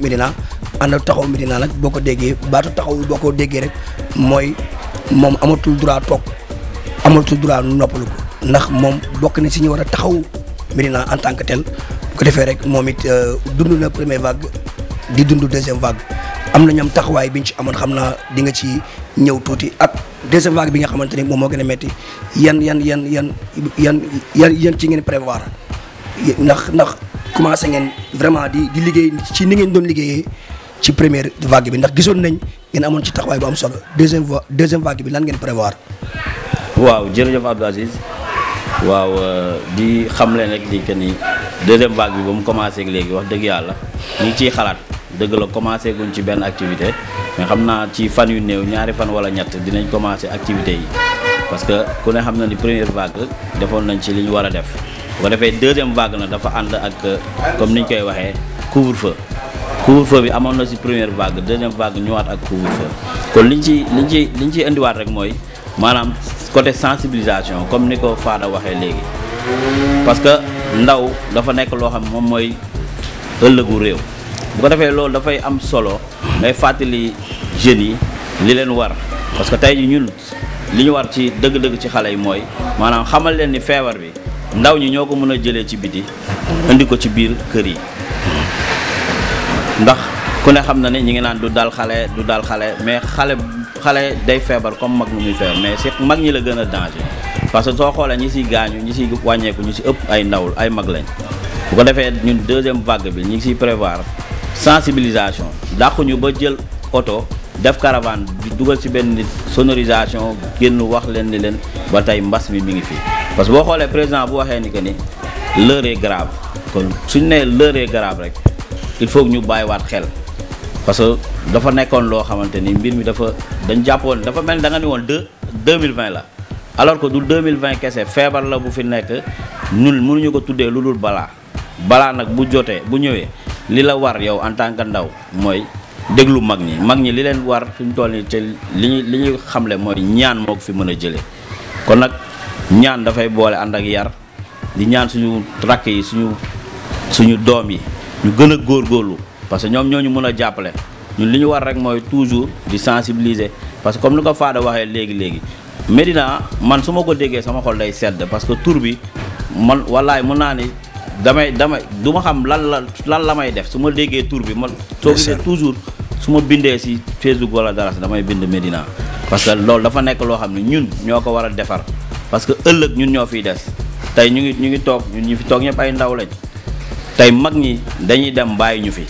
Médina ànd taxaw Médina nag boo ko déggee baatu taxawul boo ko déggee rek mooy moom amatul droit toog amatul droit noppalu ko ndax moom bokk na si ñu war a taxaw Médina en tant que tel ko defee rek moom it euh, dund na première vague di dund deuxième vague am na ñoom taxawaay biñ ci amoon xam naa di nga ci ñëw tuuti ak deuxième vague bi nga xamante ni moom moo gën a metti yan yan yan yan yan yan yan ci ngeen prévoir ndax ndax commencé ngeen vraiment di liggéey ci ni ngeen doon liggéeyee ci première vague bi ndax gisoon nañ ngeen amoon ci taxawaay bu am solo deuxième va deuxième vague bi lan ngeen prévoir. waaw jërëjëf Abdou Aziz waaw euh, di xam leen rek di que ni deuxième vague bi ba mu commencé léegi wax dëgg yàlla ñu ngi ciy xalaat dëgg la commencé guñ ci benn activité mais xam naa ci fan yu néew ñaari fan wala ñett dinañ commencé activité yi parce que ku ne xam na ni première vague defoon nañ ci li ñu war a def. bu ko defee deuxième vague na dafa ànd ak euh, comme ni ñu koy waxee couvre-feu couvre-feu bi amoon na ci première vague deuxième vague ñëwaat ak couvre-feu kon liñ ci liñ ci liñ ciy indiwaat rek mooy maanaam côté sensibilisation comme ni ko Fada waxee léegi parce que ndaw dafa nekk loo xam moom mooy ëllëgu réew bu ko defee loolu dafay am solo ngay fàttali jeunes yi li leen war parce que tey ji ñun li ñu war ci dëgg-dëgg ci xale yi mooy maanaam xamal leen ni feebar bi ndaw ñi ñoo ko mën a jëlee ci biti indi ko ci biir kër yi ndax ku ne xam na ne ñi ngi naan du dal xale du dal xale mais xale xale day feebar comme mag nu muy feebar mais si mag ñi la gën a danger parce que soo xoolee ñi siy gaañu ñi siy wàññeeku ñu si ëpp ay ndawul ay mag lañ bu ko defee ñun deuxième vague bi ñu ngi siy prévoir sensibilisation dàqu ñu ba jël oto def caravane dugal ci benn nit sonorisation génn wax leen ni leen ba tey mbas mi mi ngi fii parce que boo xoolee président bu waxee ni que ni l'heure est kon suñ nee l'heure est rek il faut ñu bàyyiwaat xel parce que dafa nekkoon loo xamante ni mbir mi dafa dañ jàppoon dafa mel da nga ni woon deux deux mille vingt la alors que du deux mille vingt kese feebar la bu fi nekk ñun mënuñu ko tuddee lu dul balaa balaa nag bu jotee bu ñëwee li la war yow en tant que ndaw mooy déglu mag ñi mag ñi li leen war fi mu toll nii te li ñuy li ñuy xamle mooy ñaan moo ko fi mën a jëlee ñaan dafay boole ànd ak yar di ñaan suñu rakk yi suñu suñu doom yi ñu gën a góorlu parce que ñoom ñoo ñu mën a jàppale ñun li ñu war rek mooy toujours di sensibiliser parce que comme lu ko Fada waxee léegi léegi Medina man su ma ko déggee sama xol day sedd parce que tur bi man wallaay mën naa ni damay damay du ma xam lan la lan la may def su ma déggee tour bi man. soo gisee toujours su ma bindee si Facebook wala dara si damay bind médina parce que loolu dafa nekk loo xam ne ñun ñoo ko war a defar. parce que ëllëg ñun ñoo fiy des tey ñu ngi ñu ngi toog ñun ñu fi toog ñëpp ay ndaw lañ tey mag ñi dañuy dem bàyyi ñu fi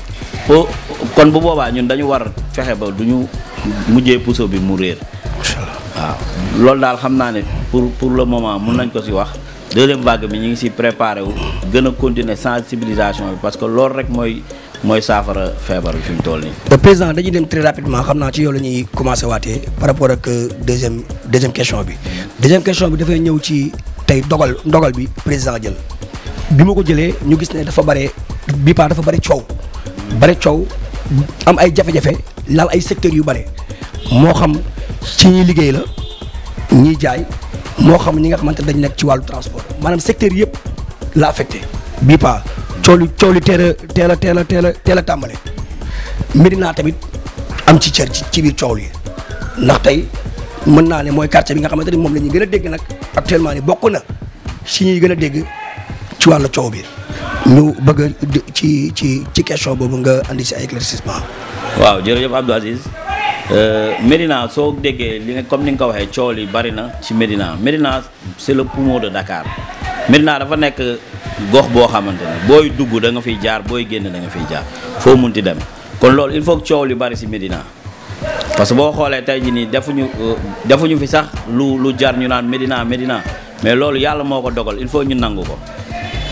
o kon bu boobaa ñun dañu war fexe ba du ñu mujjee puso bi mu réer waaw loolu daal xam naa ne pour pour le moment mun nañ ko si wax deuxième vague bi ñu ngi ci préparé wu gën a continuer sensibilisation bi parce que loolu rek mooy mooy saafara feebar bi fi toll nii. président dañuy dem très rapidement xam naa ci yow la ñuy commencé waatee par rapport ak euh, deuxième deuxième question bi deuxième question bi dafay ñëw ci tey dogal ndogal bi président jël bi ma ko jëlee ñu gis ne dafa bare bi paa dafa bare coow bare coow am ay jafe-jafe laal ay secteurs yu bare moo xam ci ñuy liggéey la ñuy jaay moo xam ñi nga xamante dañ nekk ci wàllu transport maanaam secteur yëpp la affecté bi coow li coow li teel a teel a teel a teel a teel a tàmbale Médina tamit am ci cër ci biir coow li ndax tey mën naa ne mooy quartier bi nga xamante ni moom la ñu gën a dégg nag actuellement ni bokk na si ñuy gën a dégg ci wàllu coow bi ñu bëgg ci ci ci question boobu nga indi si ay éclaircissement waaw jërëjëf Abdou Aziz euh, Médina soo déggee li nga comme ni nga ko waxee coow li bari na ci Médina Médina c'est le poumon de Dakar Medina dafa nekk gox boo xamante booy dugg da nga fiy jaar booy génn da nga fiy jaar foo mun munti dem kon loolu il faut que coow li bari si Medina parce que boo xoolee tey jii nii defuñu euh, defuñu fi sax lu lu jar ñu naan Medina Medina mais loolu yàlla moo ko dogal il faut ñu nangu ko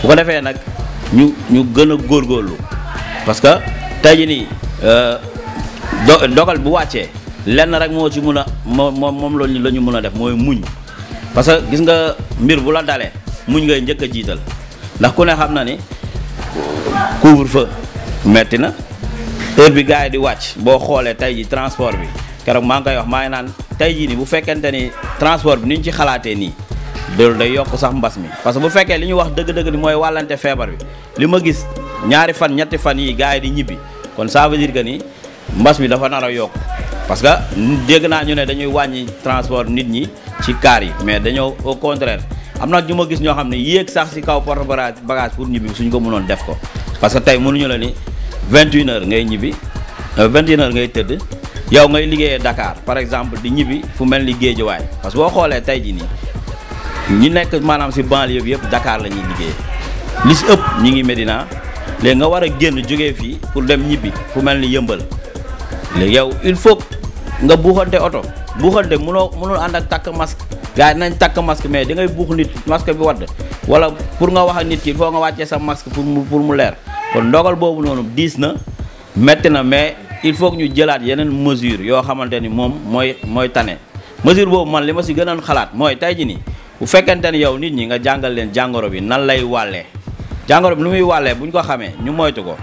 bu ko defee nag ñu ñu gën a góorgóorlu parce que tey jii nii euh, do dogal bu wàccee lenn rek moo ci mun a moom moom la ñu mën a def mooy muñ parce que gis nga mbir bu la dalee. muñ ngay njëkk a jiital ndax ku ne xam na ni couvre feu metti na heure bi gars yi di wàcc boo xoolee tey ji transport bi keroog maa ngi koy wax maa ngi naan tey jii ni bu fekkente ni transport bi ni ñu ci xalaatee nii loolu day yokk sax mbas mi parce que bu fekkee li ñu wax dëgg-dëgg ni mooy wàllante feebar bi li ma gis ñaari fan ñetti fan yi gars yi di ñibbi kon ça veut dire ni mbas mi dafa nar a yokk parce que dégg naa ñu ne dañuy wàññi transport nit ñi ci kaar yi mais dañoo au contraire am na ñu ma gis ñoo xam ne yéeg sax si kaw porte bagage pour ñibbi suñ ko mënoon def ko parce que tey mënuñu la ni 21 heures ngay ñibbi 21 euh, ngay tëdd yow ngay liggéeyee dakaar par exemple di ñibbi fu mel ni Géejawaay parce que boo xoolee tey ji nii ñi nekk maanaam si banlieue bi yëpp dakaar la ñuy liggéey li si ëpp ñu ngi Medina léegi nga war a génn jógee fii pour dem ñibbi fu mel ni yëmbal léegi yow il faut nga buuxante oto buuxante mënoo mënul ànd ak takk masque gars yi nañ takk masque mais da ngay buux nit masque bi wadd wala pour nga wax a nit ki foo nga wàccee sa masque pour mu mu leer kon ndogal boobu noonu diis na métti na mais il faut ñu jëlaat yeneen mesure yoo xamante ni moom mooy mooy tane mesure boobu man li ma si gënoon xalaat mooy tey ji nii bu fekkente ni yow nit ñi nga jàngal leen jàngoro bi nan lay wàllee jàngoro bi lu muy wàllee bu ñu ko xamee ñu moytu ko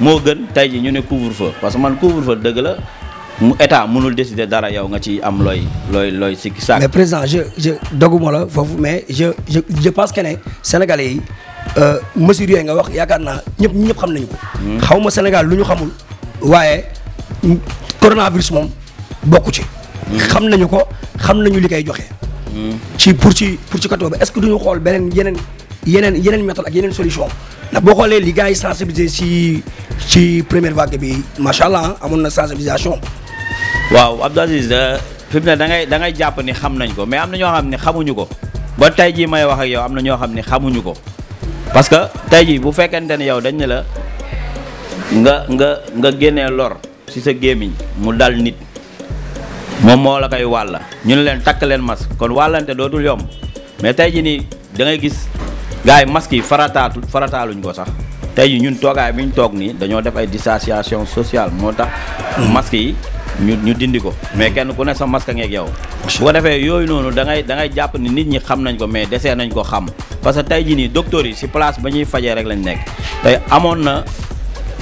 moo gën tey ji ñu ne couvre feu parce que man couvre feu dëgg la mu état mënul décider dara yow nga ci am looy looy looy si saak. mais président je je doguma la foofu mais je je je pense que ne sénégalais yi euh, mesures yooyu nga wax yaakaar naa ñëpp ñëpp xam nañu ko. Hmm. xaw ma Sénégal lu ñu xamul. waaye coronavirus moom bokku ci. Hmm. xam nañu ko xam nañu li koy joxe. Hmm. ci pour ci pour ci katoo bi est-ce que duñu xool beneen yeneen yeneen yeneen méthode ak yeneen solution ndax boo xoolee li gars yi sensibiliser si ci première vague bi macha allah amoon na sensibilisation. waaw Abdou Aziz euh, fi mu ne da ngay da ngay jàpp ni xam nañ ko mais am na ñoo xam ne xamuñu ko ba tey jii may wax ak yow am na ñoo xam ne xamuñu ko parce que tey jii bu fekkente ne yow dañ ne la nga nga nga génnee lor ci sa gémmiñ mu dal nit moom moo la koy wàll ñu ne leen takk leen masque kon wàllante dootul yomb mais tey jii nii dangay gis gars yi masque yi farataatu farataaluñ ko sax tey jii ñun toogaay bi ñu toog nii dañoo def ay distanciation sociale moo tax masque yi ñu ñu dindi ko mm. mais kenn ku ne sa masque ngeeg yow bu ko defee yooyu noonu da ngay da jàpp ni nit ñi xam nañ ko mais desee nañ ko xam parce que tey jii nii docteur yi si place ba ñuy fajee rek lañu nekk tey amoon na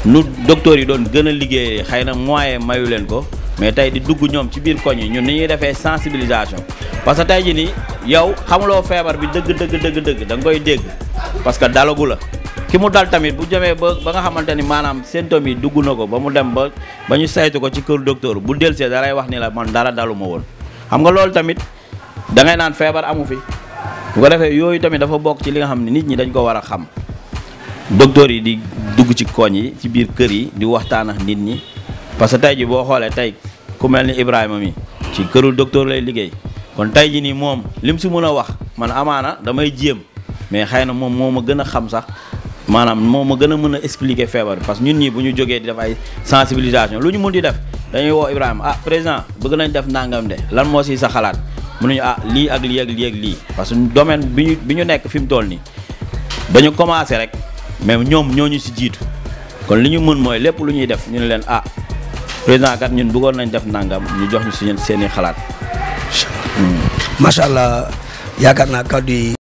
nu docteur yi doon gën a liggéeyee xëy na moyen mayu leen ko mais tey di dugg ñoom ci biir koñ yi ñun ni ñuy defee sensibilisation parce que tey jii nii yow xamuloo feebar bi dëgg dëgg dëgg dëgg da nga koy dégg parce que dalagu la ki mu dal tamit bu jamee ba ba nga xamante ni maanaam symptômes yi dugg na ko ba mu dem ba ba ñu saytu ko ci kër docteur bu delsee daray wax ni la man dara dalu ma woon xam nga loolu tamit da ngay naan feebar amu fi bu ko defee yooyu tamit dafa bokk ci li nga xam ne nit ñi dañ ko war a xam docteur yi di dugg ci koñ yi ci biir kër yi di waxtaan ak nit ñi parce que tey ji boo xoolee tey ku mel ni Ibrahima mi ci këru docteur lay liggéey kon tey ji nii moom lim si mën a wax man amaana damay jéem mais xëy na moom moo ma gën a xam sax maanaam moom ma gën a mën a expliquer feebar parce que ñun ñi bu ñu jógee di def ay sensibilisation lu ñu mun di def dañuy woo Ibrahima ah président bëgg nañ def nangam de lan moo si sa xalaat mënuñu ah lii ak ak lii ak lii parce que domaine bi ñu bi ñu nekk fi mu toll nii dañu commencé rek mais ñoom ñoo ñu si jiitu kon li ñu mën mooy lépp lu ñuy def ñu ne leen ah président kat ñun bëggoon nañ def nangam ñu jox ñu si seen i xalaat. macha hmm. allah yaakaar naa kàddu yi